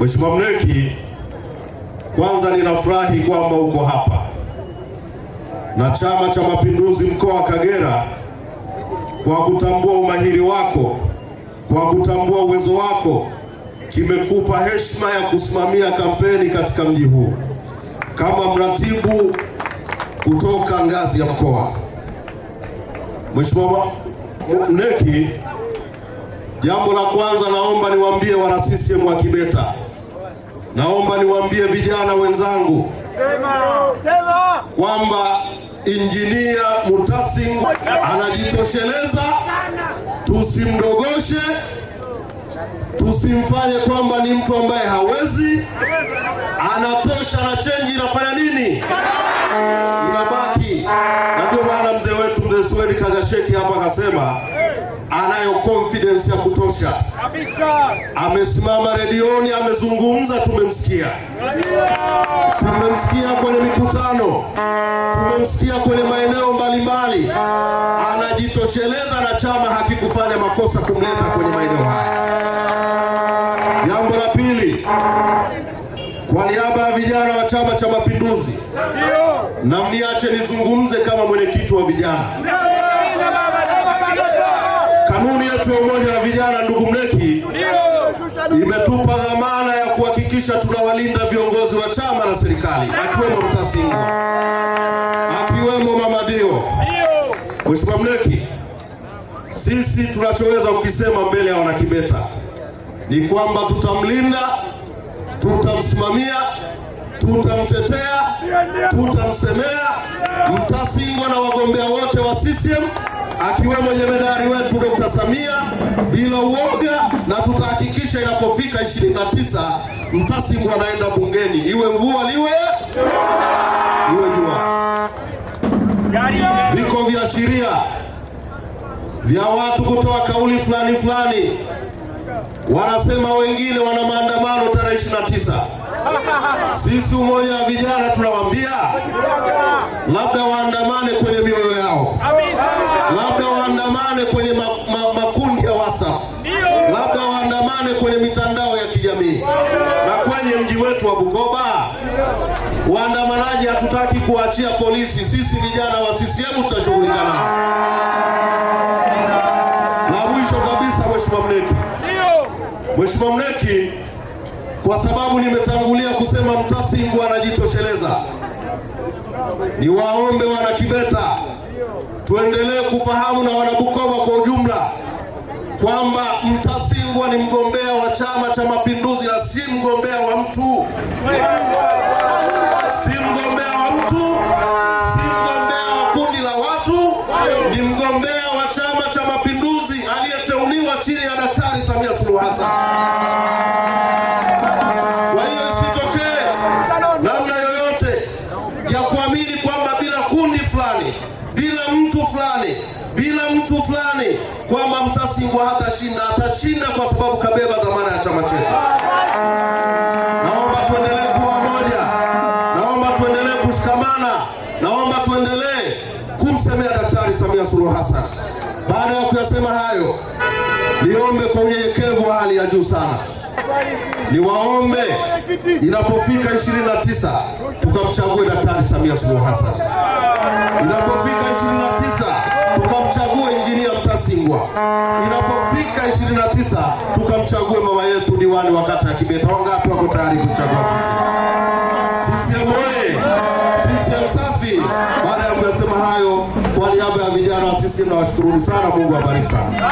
Mheshimiwa Mneki, kwanza ninafurahi kwamba uko hapa na Chama cha Mapinduzi mkoa wa Kagera kwa kutambua umahiri wako, kwa kutambua uwezo wako kimekupa heshima ya kusimamia kampeni katika mji huu kama mratibu kutoka ngazi ya mkoa. Mheshimiwa Mneki, jambo la kwanza naomba niwaambie wana CCM wa Kibeta Naomba niwaambie vijana wenzangu kwamba Injinia Mutasingu anajitosheleza, tusimdogoshe, tusimfanye kwamba ni mtu ambaye hawezi. Kanyasheki hapa akasema anayo confidence ya kutosha, amesimama redioni, amezungumza, tumemsikia, tumemsikia kwenye mikutano, tumemsikia kwenye maeneo mbalimbali, anajitosheleza na chama hakikufanya makosa kumleta kwenye maeneo haya. Jambo la pili, kwa niaba ya vijana wa Chama cha Mapinduzi, na mniache nizungumze kama mwenyekiti wa vijana Kampuni yetu ya Umoja wa Vijana ndugu Mneki imetupa dhamana ya kuhakikisha tunawalinda viongozi wa chama na serikali, akiwemo Mtasingwa, akiwemo Mama Dio. Mheshimiwa Mneki, sisi tunachoweza kukisema mbele ya wanakibeta ni kwamba tutamlinda, tutamsimamia, tutamtetea, tutamsemea Mtasingwa na wagombea wote wa CCM akiwemo jemedari wetu Dr. Samia bila uoga, na tutahakikisha inapofika 29 Mtasingu anaenda bungeni, iwe mvua liwe iwe jua. Viko viashiria vya watu kutoa kauli fulani fulani, wanasema wengine wana maandamano tarehe 29. Sisi umoja wa vijana tunawambia labda waandamane waandamane kwenye ma, ma, makundi ya WhatsApp, labda waandamane kwenye mitandao ya kijamii na kwenye mji wetu wa Bukoba. Waandamanaji hatutaki kuachia polisi, sisi vijana wa CCM tutashughulika nao. Na mwisho kabisa, Mheshimiwa Mneki, Mheshimiwa Mneki, kwa sababu nimetangulia kusema Mtasingu anajitosheleza, niwaombe wana Kibeta kufahamu na wanabukoba kwa ujumla kwamba Mtasingwa ni mgombea wa Chama cha Mapinduzi na si mgombea wa mtu, si mgombea wa mtu, si mgombea wa kundi la watu, ni mgombea wa Chama cha Mapinduzi aliyeteuliwa chini ya Daktari Samia Suluhu Hassan. siku fulani kwamba Mtasingwa hatashinda, atashinda kwa sababu kabeba dhamana ya chama chetu. Naomba tuendelee kuwa moja, naomba tuendelee kushikamana, naomba tuendelee kumsemea Daktari Samia Suluhu Hassan. Baada ya kuyasema hayo, niombe kwa unyenyekevu wa hali ya juu sana niwaombe inapofika 29 tukamchague Daktari Samia Suluhu Hassan inapofika 29 tukamchague Injinia Mtasingwa. Inapofika 29 tukamchague mama yetu diwani wa kata ya Kibeta. Wangapi wako tayari kuchagua sisi? Sisi oye! Sisi safi! Baada ya kuyasema hayo, kwa niaba ya vijana wa sisi nawashukuruni sana. Mungu abariki sana.